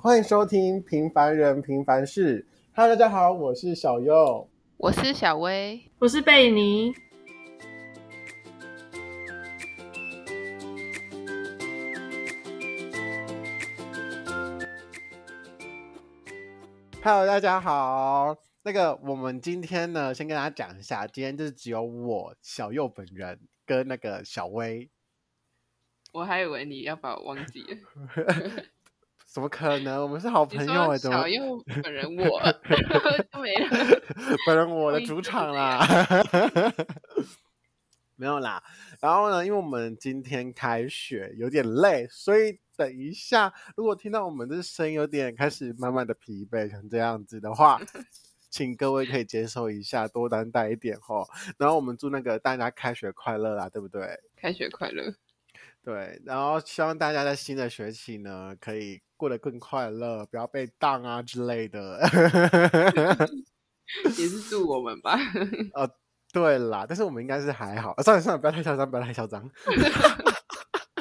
歡迎收聽《平凡人平凡事》。Hello，大家好，我是小佑，我是小薇，我是貝尼。Hello，大家好。那個，我們今天呢，先跟大家講一下，今天就是只有我小佑本人跟那個小薇。我還以為你要把我忘記了。 怎麼可能？我們是好朋友哎，欸，怎麼？因為本人我，就 本人我的主場啦， 沒有啦。然後呢，因為我們今天開學有點累，所以等一下，如果聽到我們的聲音有點開始慢慢的疲憊成這樣子的話，請各位可以接受一下，多擔待一點哦。然後我們祝那個大家開學快樂啦，對不對？開學快樂。對，然後希望大家在新的學期呢，可以。過得更快樂，不要被當啊之類的， 也是祝我們吧。 呃，對啦，但是我們應該是還好。哦，算了算了，不要太囂張，不要太囂張。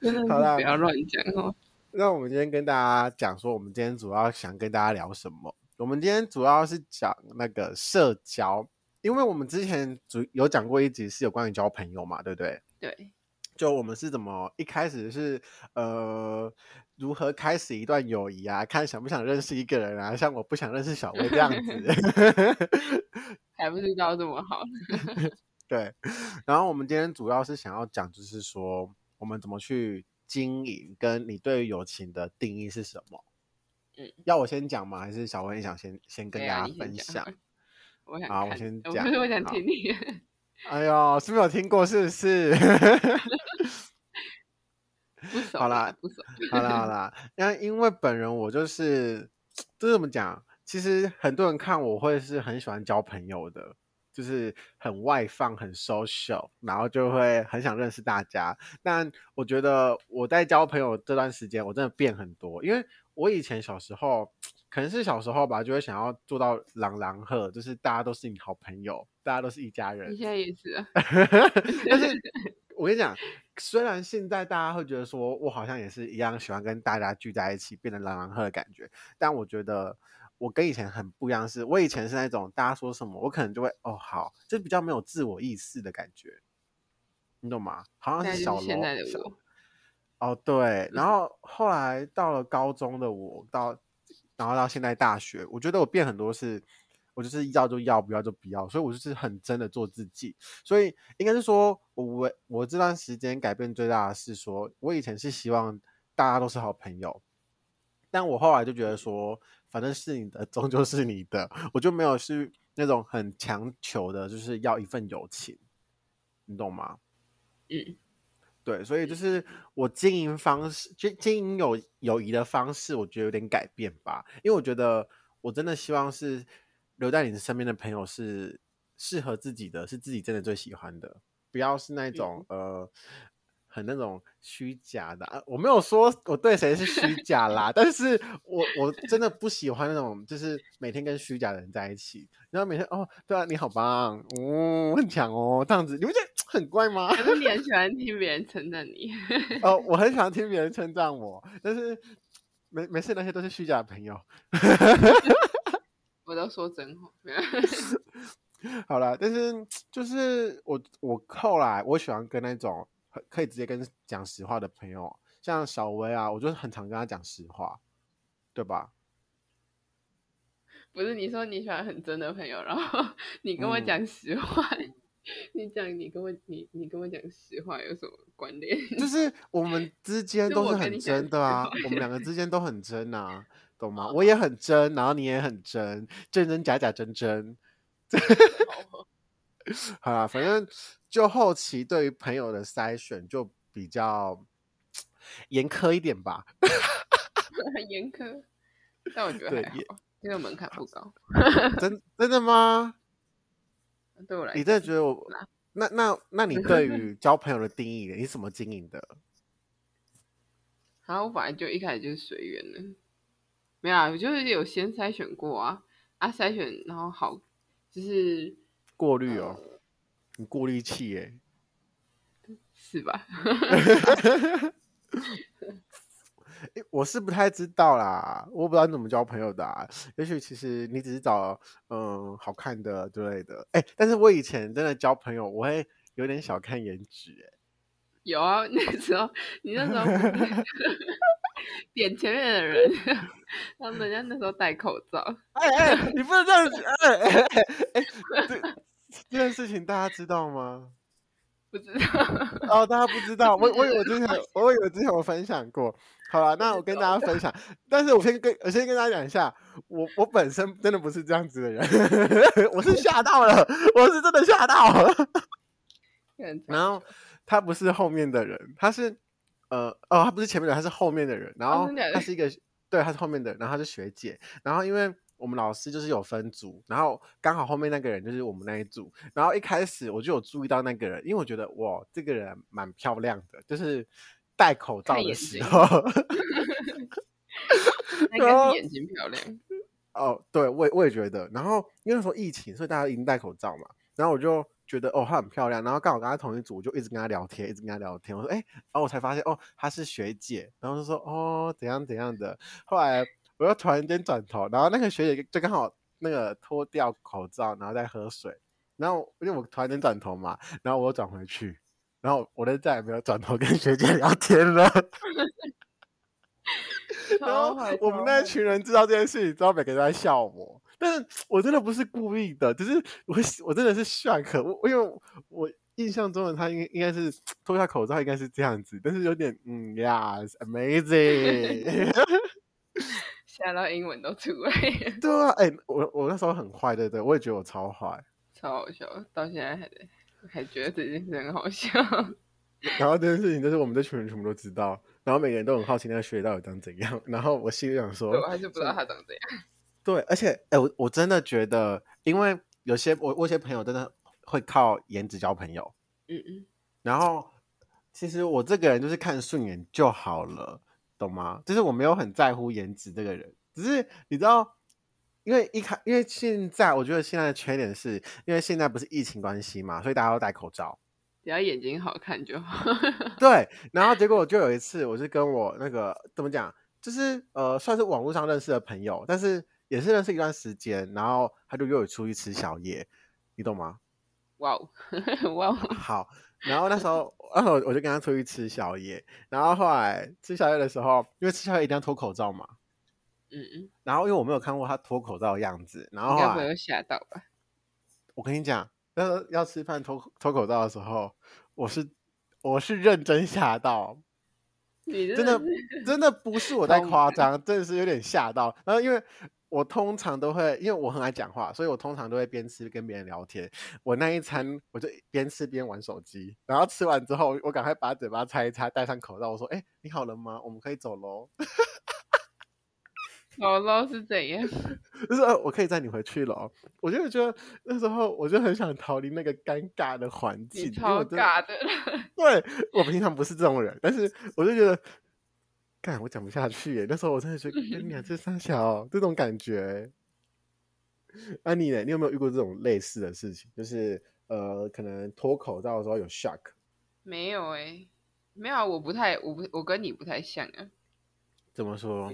好啦，不要亂講哦。那我們今天跟大家講說，我們今天主要想跟大家聊什麼？我們今天主要是講那個社交，因為我們之前主有講過一集是有關於交朋友嘛，對不對？對。就我們是怎麼一開始是呃、如何開始一段友誼啊？看想不想認識一個人啊？像我不想認識小薇這樣子， 還不知道這麼好 。對，然後我們今天主要是想要講，就是說我們怎麼去經營，跟你對於友情的定義是什麼？嗯、要我先講嗎？還是小薇想先先跟大家分享？啊、我想，啊，我先講。可是，我想聽你。哎呦是沒有聽過，是不是，有聽過是，不是？ 啊、好啦，好啦，好啦，那 因為本人我就是，就這怎麼講？其實很多人看我會是很喜歡交朋友的，就是很外放，很 social，然後就會很想認識大家。但我覺得我在交朋友這段時間，我真的變很多，因為我以前小時候可能是小時候吧，就會想要做到朗朗赫，就是大家都是你好朋友，大家都是一家人。你現在也是， 但是。 我跟你講，雖然現在大家會覺得說我好像也是一樣喜歡跟大家聚在一起，變得藍藍赫的感覺，但我覺得我跟以前很不一樣。是我以前是那種大家說什麼我可能就會哦，好，就比較沒有自我意識的感覺，你懂嗎？好像是小時候哦，對，然後後來到了高中的我到，然後到現在大學，我覺得我變很多是。我就是要就要，不要就不要，所以我就是很真的做自己。所以應該是說我我這段時間改變最大的是說，說我以前是希望大家都是好朋友，但我後來就覺得說，反正是你的，終究是你的，我就沒有是那種很強求的，就是要一份友情，你懂嗎？嗯，對，所以就是我經營方式，就經營友友誼的方式，我覺得有點改變吧，因為我覺得我真的希望是。留在你身邊的朋友是適合自己的，是自己真的最喜歡的，不要是那種、嗯、呃很那種虛假的、呃。我沒有說我對誰是虛假啦， 但是我我真的不喜歡那種就是每天跟虛假的人在一起，然後每天哦對啊你好棒，嗯很強哦這樣子，你不覺得很怪嗎？你很喜歡聽別人稱讚你。哦 、呃，我很喜歡聽別人稱讚我，但是沒沒事，那些都是虛假的朋友。 我都說真話，沒啊、 好啦，但是就是我我後來我喜歡跟那種可以直接跟講實話的朋友，像小薇啊，我就是很常跟他講實話，對吧？不是你說你喜歡很真的朋友，然後你跟我講實話、嗯.。 你講，你跟我你你跟我講實話有什麼關聯？就是我們之間都是很真的啊，我， 我們兩個之間都很真吶、啊，懂嗎、哦？我也很真，然後你也很真，真真假假，真真。 好啊，反正就後期對於朋友的篩選就比較嚴苛一點吧。很 嚴苛，但我覺得還好，對，因為門檻不高。 真的，真的嗎？對我來你真的覺得我、啊、那那那你對於交朋友的定義， 你是怎麼經營的？好、啊，我反正就一開始就是隨緣了，沒有啊，我就是有先篩選過啊啊篩選，然後好就是過濾哦，你、嗯、過濾器哎，是吧？ 欸、我是不太知道啦，我不知道你怎麼交朋友的。啊，也許其實你只是找嗯，好看的之類的。誒、欸，但是我以前真的交朋友，我會有點小看顏值。誒。有啊，那時候你那時候、那個， 點前面的人，他們，人家那時候戴口罩。哎、欸、哎、欸，你不能這樣子。哎、欸、哎、欸欸，這、欸、這 件事情大家知道嗎？不知道哦，大家不知道， 我我以我之前， 我以為之前我分享過，好了，那我跟大家分享。 但是我先跟我先跟大家講一下，我我本身真的不是這樣子的人， 我是嚇到了， 我是真的嚇到了。 然後他不是後面的人，他是呃哦，他不是前面的人，他是後面的人。然後他是一個 對，他是後面的人，然後他是學姐，然後因為。我們老師就是有分組，然後剛好後面那個人就是我們那一組，然後一開始我就有注意到那個人，因為我覺得哇，這個人蠻漂亮的，就是戴口罩的時候， 那個人也然後眼睛漂亮哦，對我也我也覺得，然後因為那時候疫情，所以大家已經戴口罩嘛，然後我就覺得哦，她很漂亮，然後剛好跟她同一組，我就一直跟她聊天，一直跟她聊天，我說誒，然後、哦、我才發現哦，她是學姐，然後就說哦，怎樣怎樣的，後來。 我就突然間轉頭，然後那個學姐就剛好那個脫掉口罩，然後在喝水，然後因為我突然間轉頭嘛，然後我又轉回去，然後我就再也沒有轉頭跟學姐聊天了。 然後我們那一群人知道這件事情，知道每個都在笑我，但是我真的不是故意的，就是我我真的是 shock 我。我因為我印象中的她應應該是脫下口罩應該是這樣子，但是有點嗯 yes，amazing 嚇到英文都出來。對啊，哎、欸，我我那時候很壞，對,對對，我也覺得我超壞，超好笑，到現在還得還覺得這件事很好笑。然後這件事情就是我們這群人全部都知道，然後每個人都很好奇那個學弟到底長怎樣。然後我心裡想說，我還是不知道他長怎樣。對，而且哎、欸，我我真的覺得，因為有些我我一些朋友真的會靠顏值交朋友，嗯嗯。然後其實我這個人就是看順眼就好了。懂嗎？就是我沒有很在乎顏值這個人，只是你知道，因為一看，因為現在我覺得現在的缺點是，因為現在不是疫情關係嘛，所以大家都戴口罩，只要眼睛好看就好。 對，然後結果就有一次，我是跟我那個怎麼講，就是呃，算是網絡上認識的朋友，但是也是認識一段時間，然後他就約我出去吃宵夜，你懂嗎？哇、wow. 哇、 wow. 啊，好。然後那時候， 那時候我就跟他出去吃宵夜。然後後來吃宵夜的時候，因為吃宵夜一定要脫口罩嘛，嗯嗯。然後因為我沒有看過他脫口罩的樣子，然後後來沒有嚇到吧？我跟你講，當時要吃飯脫脫口罩的時候，我是我是認真嚇到真，真的真的不是我在誇張， 真的是有點嚇到。然後因為。我通常都會，因為我很愛講話，所以我通常都會邊吃跟別人聊天。我那一餐我就邊吃邊玩手機，然後吃完之後，我趕快把嘴巴擦一擦，戴上口罩。我說：“哎，你好了嗎？我們可以走嘍。”走咯」 走咯是怎樣？就是我可以帶你回去了哦。我就覺得那時候我就很想逃離那個尷尬的環境，你超尬的。因為 對，我平常不是這種人，但是我就覺得。幹，我講不下去耶！那時候我真的覺得兩隻、欸啊、這三小 這種感覺，安、啊、妮呢？你有沒有遇過這種類似的事情？就是呃，可能脫口罩的時候有 shock？沒有哎、欸，沒有，我不太，我不，我跟你不太像啊。怎麼說？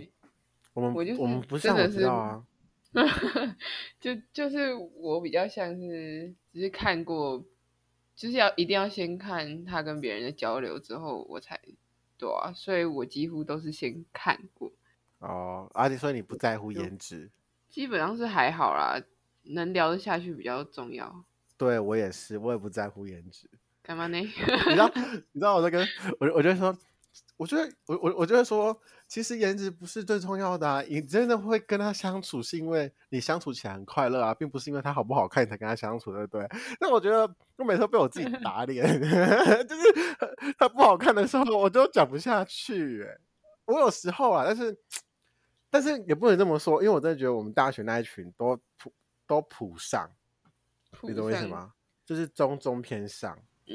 我們，我就我們不像，我知道啊。 就就是我比較像是，只、就是看過，就是要一定要先看他跟別人的交流之後，我才。對啊，所以我幾乎都是先看過哦。啊你說你不在乎顏值？基本上是還好啦，能聊得下去比較重要。對，我也是，我也不在乎顏值。幹嘛呢？ 你知道，你知道我在、這、跟、個、我，我就說。我覺得我我我覺得說，其實顏值不是最重要的啊。你真的會跟他相處，是因為你相處起來很快樂啊，並不是因為他好不好看才跟他相處，對不對？那我覺得我每次被我自己打臉， 就是他不好看的時候，我就講不下去欸。我有時候啊，但是但是也不能這麼說，因為我真的覺得我們大學那一群都普都普上，你懂我意思嗎？就是中中偏上，嗯。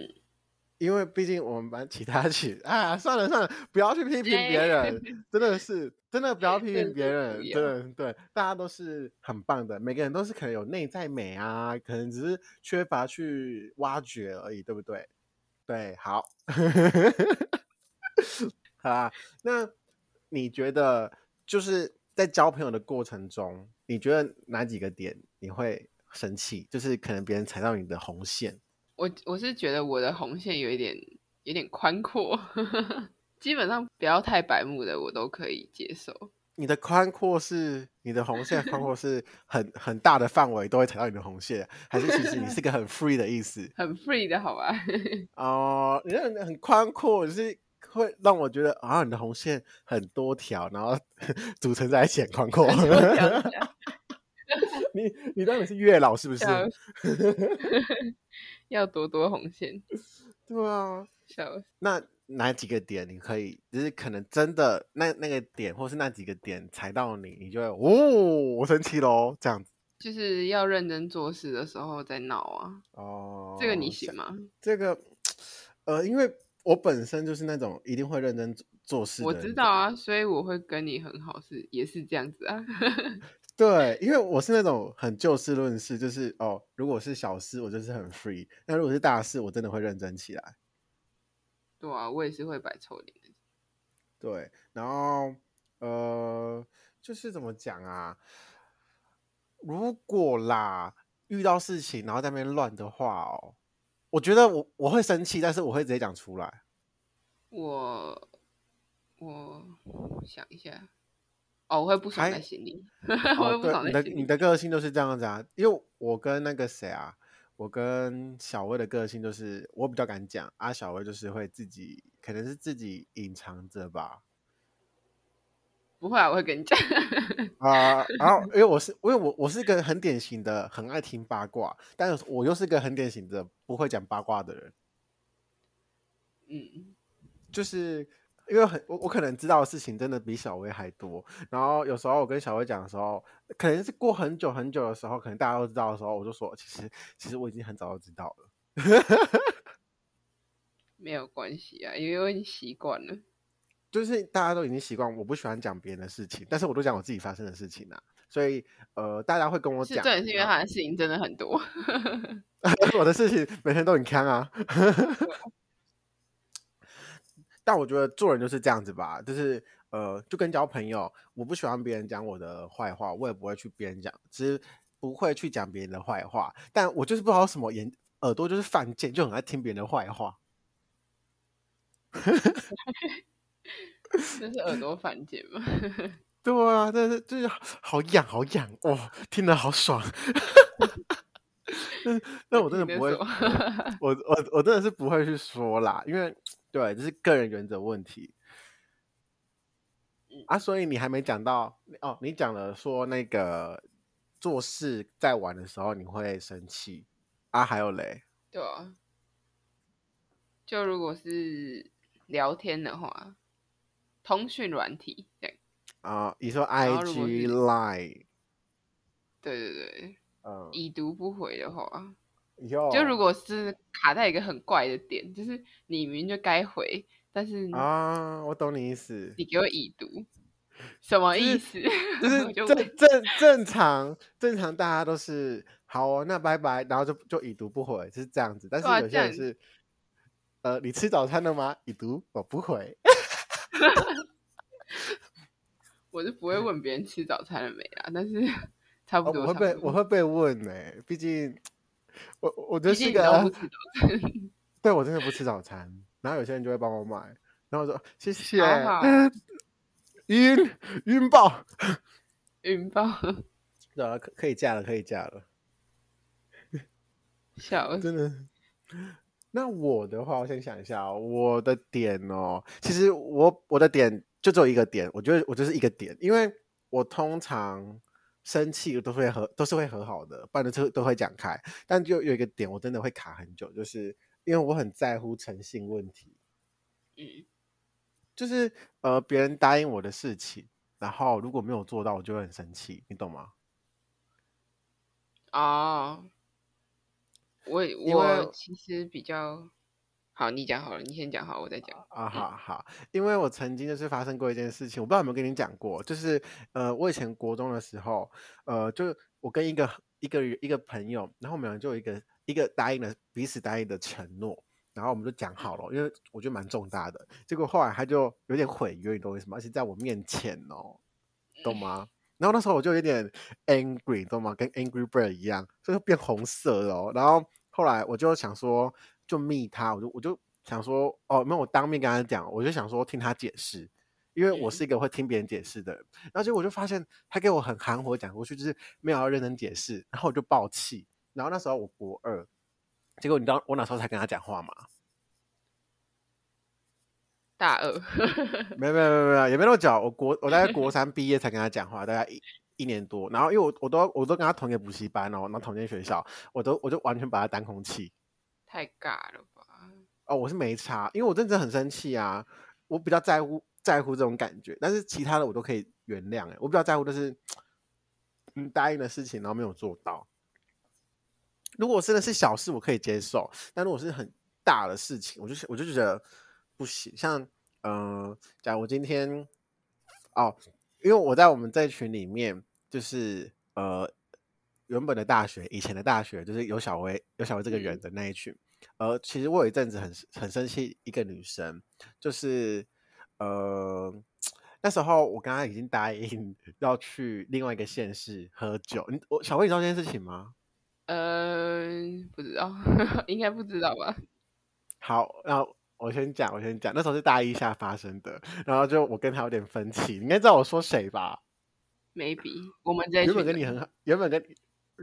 因為畢竟我們班其他去，哎、啊，算了算了，不要去批評別人，哎，真的是，真的不要批評別人，對、哎、對，大家都是很棒的，每個人都是可能有內在美啊，可能只是缺乏去挖掘而已，對不對？對，好， 好啊。那你覺得就是在交朋友的過程中，你覺得哪幾個點你會生氣？就是可能別人踩到你的紅線。我我是覺得我的紅線有一點有點寬闊， 基本上不要太白目的，我都可以接受。你的寬闊是你的紅線 寬闊是很很大的範圍都會踩到你的紅線， 還是其實你是一個很 free 的意思？ 很 free 的好吧？哦、 uh，你那很很寬闊，就是會讓我覺得啊，你的紅線很多條，然後組成在一起很寬闊。 你你到底是月老是不是？ 要多多紅線， 對啊， 那哪幾個點你可以？就是可能真的那那個點，或是那幾個點踩到你，你就會哦，我生氣嘍，這樣子。就是要認真做事的時候再鬧啊。哦，這個你行嗎？這個，呃，因為我本身就是那種一定會認真做事的。我知道啊，所以我會跟你很好事，是也是這樣子啊。 對，因為我是那種很就事論事，就是哦，如果是小事，我就是很 free，那如果是大事，我真的會認真起來。對啊，我也是會擺臭臉。對，然後呃，就是怎麼講啊？如果啦遇到事情，然後在那邊亂的話哦，我覺得我我會生氣，但是我會直接講出來。我我，我想一下。哦，我會不藏在心裡、哎哦。 你的你的個性就是這樣子啊，因為我跟那個誰啊，我跟小薇的個性就是，我比較敢講，阿、啊、小薇就是會自己，可能是自己隱藏着吧。不會啊，我會跟你講啊、 呃。然後，因為我是，因為我我是一個很典型的很愛聽八卦，但是我又是一個很典型的不會講八卦的人。嗯，就是。因為很我我可能知道的事情真的比小薇還多，然後有時候我跟小薇講的時候，可能是過很久很久的時候，可能大家都知道的時候，我就說其實其實我已經很早就知道了， 沒有關係啊，因為我已經習慣了，就是大家都已經習慣，我不喜歡講別人的事情，但是我都講我自己發生的事情啊，所以呃，大家會跟我講，也是，是因為他的事情真的很多， 我的事情每天都很看啊。 但我覺得做人就是這樣子吧，就是呃，就跟交朋友，我不喜歡別人講我的壞話，我也不會去別人講，只是不會去講別人的壞話。但我就是不知道什麼眼耳朵就是犯賤，就很愛聽別人的壞話。 這是耳朵犯賤嗎？ 對啊，這是就是好癢好癢哦，聽得好爽。那 那 我真的不會， 我我我真的是不會去說啦，因為。對，這是個人原則問題啊！所以你還沒講到哦，你講了說那個做事在玩的時候你會生氣啊，還有嘞，對啊，就如果是聊天的話，通訊軟體對啊，你、哦、說 IG line，對對對，嗯，已讀不回的話。就如果是卡在一個很怪的點，就是你明明就該回，但是你啊，我懂你意思。你給我已讀，什麼意思？就是，是正正正常正常，正常大家都是好哦，那拜拜，然後就就已讀不回，就是這樣子。但是有些人是、啊，呃，你吃早餐了嗎？已讀，我不回。 我就不會問別人吃早餐了沒啊，嗯、但是差不多，哦、我會被不我會被問呢、欸，畢竟。我我覺得是個，對我真的不吃早餐， 然後有些人就會幫我買，然後我說謝謝，暈暈爆，暈爆，對可以嫁了，可以嫁了，笑了，真的。那我的話，我先想一下，哦，我的點哦，其實我我的點就只有一個點，我覺得我就是一個點，因為我通常。生氣都會和都是會和好的，半了之都會講開。但就有一個點，我真的會卡很久，就是因為我很在乎誠信問題。嗯，就是呃，別人答應我的事情，然後如果沒有做到，我就會很生氣，你懂嗎？啊，我我其實比較。好，你講好了，你先講好，我再講啊、嗯、啊。好好，因為我曾經就是發生過一件事情，我不知道有沒有跟你講過，就是呃，我以前國中的時候，呃，就我跟一個一個一個朋友，然後我們兩個就有一個一個答應了彼此答應的承諾，然後我們就講好了、嗯，因為我覺得蠻重大的。結果後來他就有點毀約，你懂我意思嗎？而且在我面前哦，懂嗎、嗯？然後那時候我就有點 angry，懂嗎？跟 angry bird 一樣，所以就變紅色哦。然後後來我就想說。就密他，我就我就想說，哦，沒有，我當面跟他講，我就想說聽他解釋，因為我是一個會聽別人解釋的人。然後、嗯、結果我就發現他給我很含糊講過去，就是沒有要認真解釋。然後我就爆氣。然後那時候我國二，結果你知道我哪時候才跟他講話嗎？大二， 沒有沒有沒有，也沒有那麼早。我國我大概國三畢業才跟他講話，大概一一年多。然後因為我我都我都跟他同一個補習班，然後然後同一個學校，我都我就完全把他當空氣。太尬了吧？哦，我是沒差，因為我真的很生氣啊！我比較在乎在乎這種感覺，但是其他的我都可以原諒。誒，我比較在乎的是，嗯，你答應的事情然後沒有做到。如果真的是小事，我可以接受；但如果是很大的事情，我就我就覺得不行。像，嗯、呃，假如我今天，哦，因為我在我們這群裡面，就是呃。原本的大學，以前的大學，就是有小薇、有小薇這個人的那一群。呃、嗯，其實我有一陣子很很生氣一個女生，就是呃，那時候我剛剛已經答應要去另外一個縣市喝酒。你我小薇你知道這件事情嗎？呃，不知道， 應該不知道吧？好，那我先講，我先講。那時候是大一下發生的，然後就我跟她有點分歧。你應該知道我說誰吧？maybe 我們這原本跟你很好，原本跟。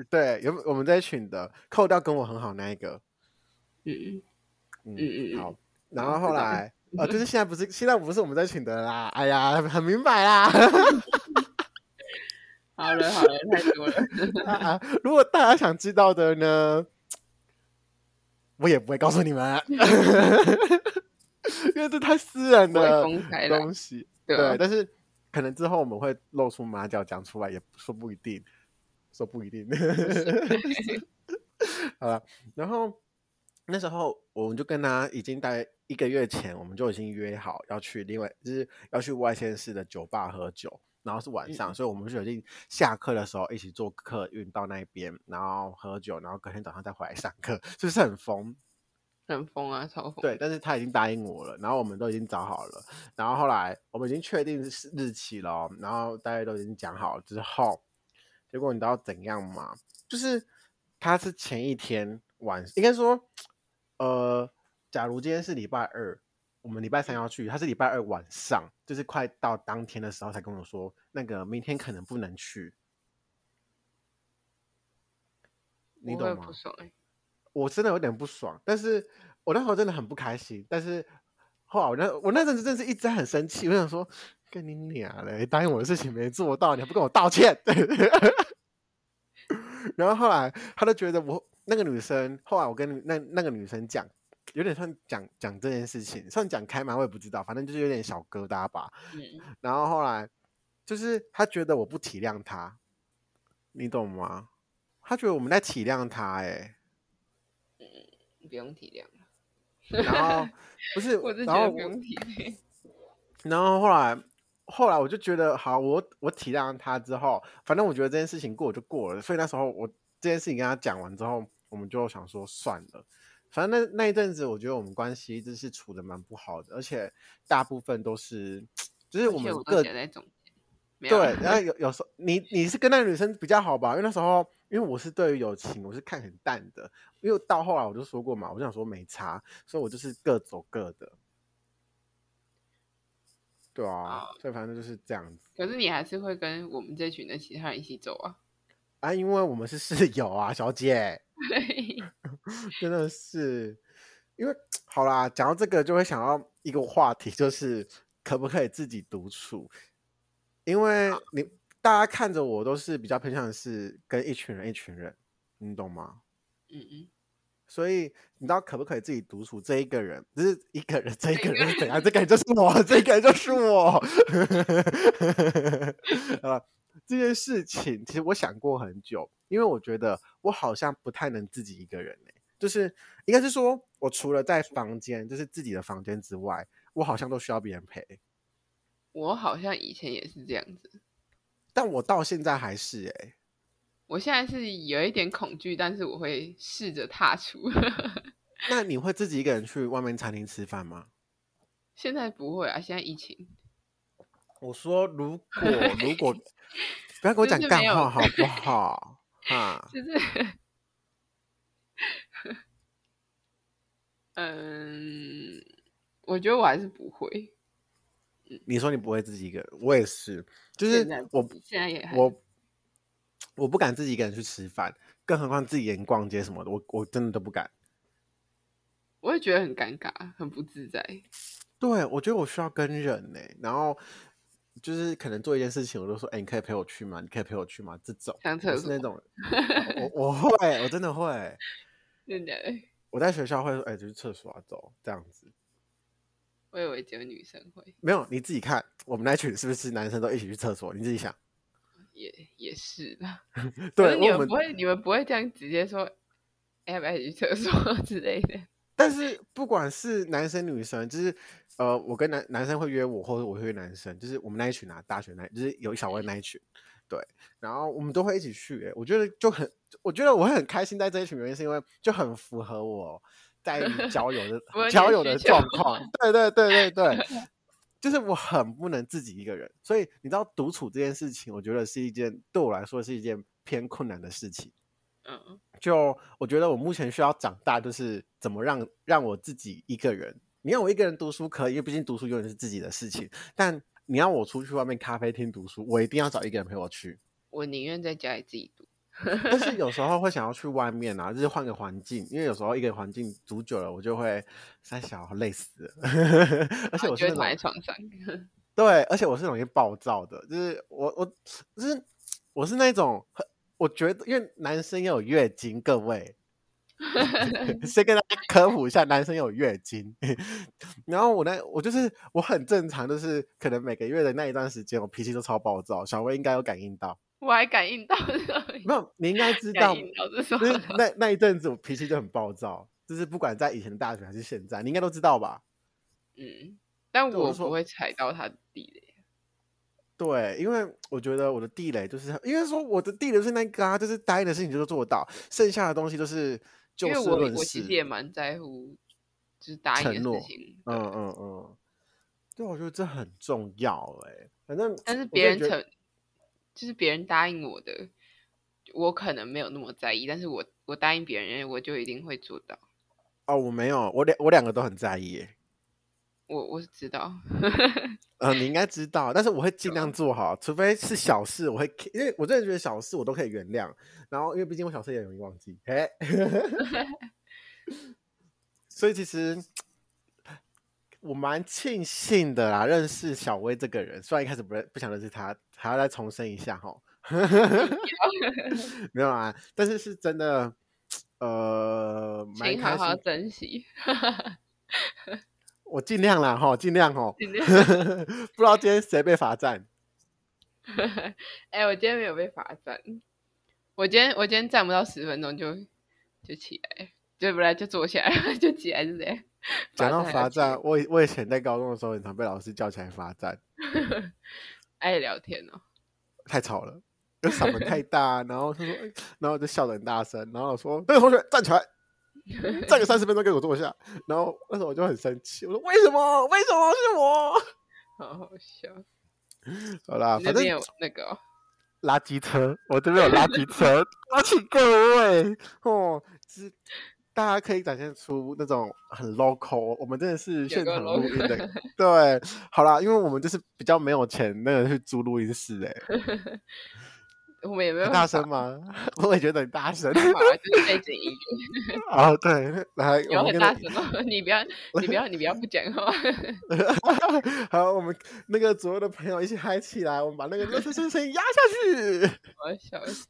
對，有我們在群的，扣掉跟我很好的那一個，嗯嗯嗯嗯，好。然後後來，呃、 啊，就是現在不是現在不是我們在群的啦，哎呀，很明白啦。 好了好了，太多了 啊啊。如果大家想知道的呢，我也不會告訴你們， 因為這太私人的東西，不會公開啦。對，但是可能之後我們會露出馬腳講出來，也說不一定。說不一定 好了，然後那時候我們就跟他已經大概一個月前，我們就已經約好要去另外，就是要去外縣市的酒吧喝酒，然後是晚上，嗯、所以我們決定下課的時候一起坐客運到那邊，然後喝酒，然後隔天早上再回來上課，是、就、不是很瘋？很瘋啊，超瘋！對，但是他已經答應我了，然後我們都已經找好了，然後後來我們已經確定是日期了，然後大家都已經講好了之後。結果你知道怎樣嗎？就是他是前一天晚，應該說，呃，假如今天是禮拜二，我們禮拜三要去，他是禮拜二晚上，就是快到當天的時候才跟我說，那個明天可能不能去。你懂嗎？我、欸、我真的有點不爽，但是我那時候真的很不開心，但是後來我那我那陣子真是一直很生氣，我想說。跟你娘嘞，答應我的事情沒做到，你還不跟我道歉。 然後後來，他都覺得我那個女生，後來我跟那那個女生講，有點像講講這件事情，算講開嗎？我也不知道，反正就是有點小疙瘩吧。嗯、然後後來，就是他覺得我不體諒他，你懂嗎？他覺得我們在體諒他、欸，哎、嗯，不用體諒。然後不是， 我是覺得不用體諒， 然後後來。後來我就覺得好，我我體諒他之後，反正我覺得這件事情過就過了。所以那時候我這件事情跟他講完之後，我們就想說算了。反正那那一陣子，我覺得我們關係一直是處得蠻不好的，而且大部分都是就是我們有各的那種。對，然後有有時候你你是跟那個女生比較好吧？因為那時候因為我是對於友情我是看很淡的，因為到後來我就說過嘛，我就想說沒差，所以我就是各走各的。對啊，所以反正就是這樣子。可是你還是會跟我們這群的其他人一起走啊？啊，因為我們是室友啊，小姐。 對，真的是，因為好啦，講到這個就會想到一個話題，就是可不可以自己獨處？因為你大家看着我都是比較偏向的是跟一群人一群人，你懂嗎？嗯嗯。所以你知道可不可以自己獨處？這一個人，只是一個人，這一個人是怎樣？這個人就是我，這個人就是我。啊， 這件事情其實我想過很久，因為我覺得我好像不太能自己一個人，欸、就是應該是說，我除了在房間，就是自己的房間之外，我好像都需要別人陪。我好像以前也是這樣子，但我到現在還是誒、欸。我現在是有一點恐懼，但是我會試着踏出。 那你會自己一個人去外面餐廳吃飯嗎？現在不會啊，現在疫情。我說如果如果 不要跟我講幹話、就是、好不好啊？ 就是， 嗯，我覺得我還是不會。你說你不會自己一個人，我也是，就是我現在,現在也我。我不敢自己一個人去吃飯，更何況自己一個人逛街什麼的，我我真的都不敢。我也覺得很尷尬，很不自在。對，我覺得我需要跟人呢、欸。然後就是可能做一件事情，我就說：“哎、欸，你可以陪我去嗎？你可以陪我去嗎？”這種，像是那種、 啊，我我會，我真的會，真的。我在學校會說：“哎、欸，就是廁所啊，走，這樣子。”我也以為只有女生會，沒有？你自己看，我們那群是不是男生都一起去廁所？你自己想。也也是的， 對，可是你們不會，你們不會這樣直接說“哎，我去廁所”之類的。但是不管是男生女生，就是呃，我跟男男生會約我，或者我會約男生，就是我們那一群啊，大學那，就是有一小群那一群， 對，然後我們都會一起去誒。我覺得就很，我覺得我會很開心在這一群，原因是因為就很符合我在交友的 交友的狀況。 對對對對對。 就是我很不能自己一個人，所以你知道獨處這件事情，我覺得是一件對我來說是一件偏困難的事情。嗯，就我覺得我目前需要長大，就是怎麼讓讓我自己一個人。你讓我一個人讀書可以，因為畢竟讀書永遠是自己的事情。但你要我出去外面咖啡廳讀書，我一定要找一個人陪我去。我寧願在家裡自己讀。 但是有時候會想要去外面啊，就是換個環境，因為有時候一個環境住久了，我就會三小累死了。 而且我是躺在床上，對，而且我是容易暴躁的，就是我我就是我是那種我覺得，因為男生也有月經，各位， 先跟大家科普一下，男生有月經。 然後我呢，我就是我很正常，就是可能每個月的那一段時間，我脾氣都超暴躁。小薇應該有感應到。我還感應到沒有？你應該知道，那那一陣子我脾氣就很暴躁，就是不管在以前的大學還是現在，你應該都知道吧？嗯，但我不會踩到他的地雷對。對，因為我覺得我的地雷就是，因為說我的地雷就是那個啊，就是答應的事情就做到，剩下的東西都是就事論事。因為我我其實也蠻在乎，就是答應的事情。嗯嗯嗯。對，我覺得這很重要哎、欸，反正但是別人承。就是別人答應我的，我可能沒有那麼在意，但是我我答應別人，我就一定會做到。哦，我沒有，我兩我兩個都很在意。我我是知道，嗯、 呃，你應該知道，但是我會盡量做好，哦，除非是小事，我會因為我真的覺得小事我都可以原諒。然後因為畢竟我小事也很容易忘記， 所以其實我蠻慶幸的啦，認識小薇這個人，雖然一開始不認不想認識他。還要再重申一下哈， 沒有啊，但是是真的，呃，沒好好珍惜， 我盡量啦哈，盡量哈， 不知道今天誰被罰站。哎、 欸，我今天沒有被罰站，我今天我今天站不到十分鐘就就起來，就不來就坐起來就起來就這樣。講到罰站，我我以前在高中的時候，很常被老師叫起來罰站。 愛聊天哦，太吵了，因為嗓門太大，然後他說， 然後就笑得很大聲，然後我說那個同學站起來， 站個三十分鐘給我坐下，然後那時候我就很生氣，我說為什麼？為什麼是我？好好笑。好啦，反正那，那個、哦、垃圾車，我這邊有垃圾車， 我請各位哦。大家可以展現出那種很 local，我們真的是現場錄音的，對，好啦，因為我們就是比較沒有錢，那個去租錄音室嘞、欸。 我們有沒有。大聲嗎？ 我也覺得很大聲。 好了，就是背景音。啊，對，來，我給你。不要很大聲、哦、你， 你不要，你不要，你不要不講話。 好，我們那個左右的朋友一起嗨起來，我們把那個聲聲音壓下去。我要笑死。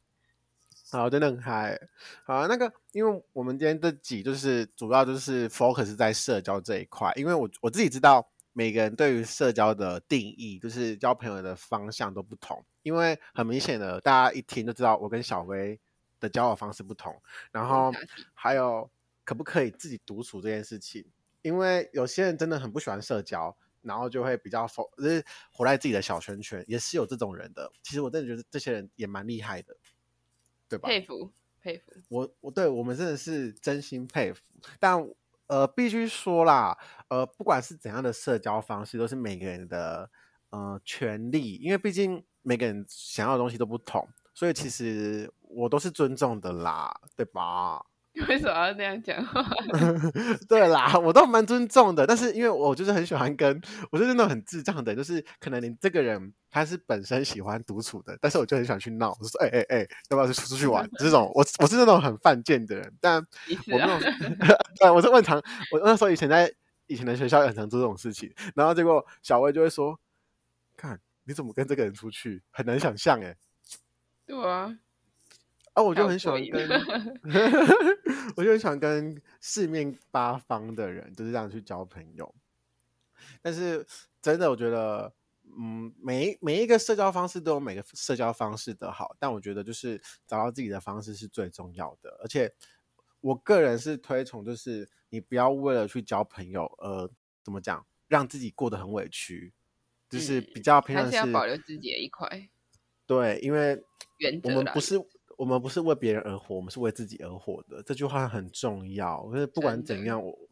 好，真的很嗨。好，那個，因為我們今天這集就是主要就是 focus 在社交這一塊，因為我我自己知道，每個人對於社交的定義，就是交朋友的方向都不同。因為很明顯的，大家一聽就知道，我跟小薇的交友方式不同。然後還有可不可以自己獨處這件事情，因為有些人真的很不喜歡社交，然後就會比較 focus 就是活在自己的小圈圈，也是有這種人的。其實我真的覺得這些人也蠻厲害的。對吧，佩服，佩服。我我對我們真的是真心佩服。但呃，必須說啦，呃，不管是怎樣的社交方式，都是每個人的呃權利，因為畢竟每個人想要的東西都不同，所以其實我都是尊重的啦，對吧？為什麼要這樣講話？ 對啦，我都蠻尊重的，但是因為我就是很喜歡跟，我就是那種很智障的，就是可能你這個人他是本身喜歡獨處的，但是我就很想去鬧，我就說哎哎哎，要不要就出去玩？ 這種我是我是那種很犯賤的人，但我沒有，哎、啊， 我是很常，我那時候以前在以前的學校也很常做這種事情，然後結果小薇就會說，看你怎麼跟這個人出去，很難想象哎、欸，對啊。哦、啊，我就很喜歡跟， 我就很喜歡跟四面八方的人就是這樣去交朋友。但是真的，我覺得，嗯，每每一個社交方式都有每個社交方式的好，但我覺得就是找到自己的方式是最重要的。而且我個人是推崇，就是你不要為了去交朋友，呃，怎麼講，讓自己過得很委屈，就是比較偏向是，嗯、是要保留自己的一塊。對，因為我們不是。我們不是為別人而活，我們是為自己而活的。這句話很重要。就是不管怎樣我，我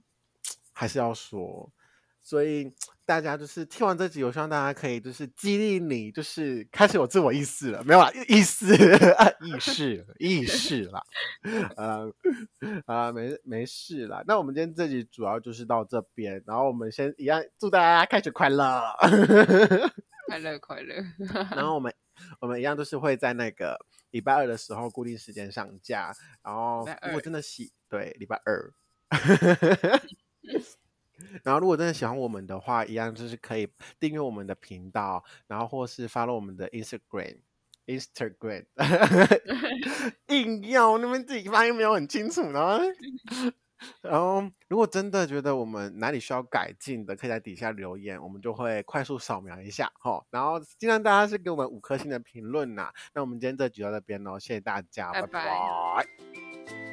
還是要說。所以大家就是聽完這集，我希望大家可以就是激勵你，就是開始有自我意識了。沒有啊，意識 意識意識啦、 嗯。呃啊，沒沒事啦。那我們今天這集主要就是到這邊。然後我們先一樣，祝大家開學快樂， 樂，快樂快樂。 然後我們。我們一樣都是會在那個禮拜二的時候固定時間上架，然後如果真的喜對禮拜二， 然後如果真的喜歡我們的話，一樣就是可以訂閱我們的頻道，然後或是 follow 我們的 Instagram，Instagram，硬 instagram 要那邊自己發音沒有很清楚呢。 然、嗯、後，如果真的覺得我們哪裡需要改進的，可以在底下留言，我們就會快速掃描一下吼，然後，既然大家是給我們五顆星的評論吶、啊，那我們今天這集就到這邊咯，謝謝大家，拜拜。拜拜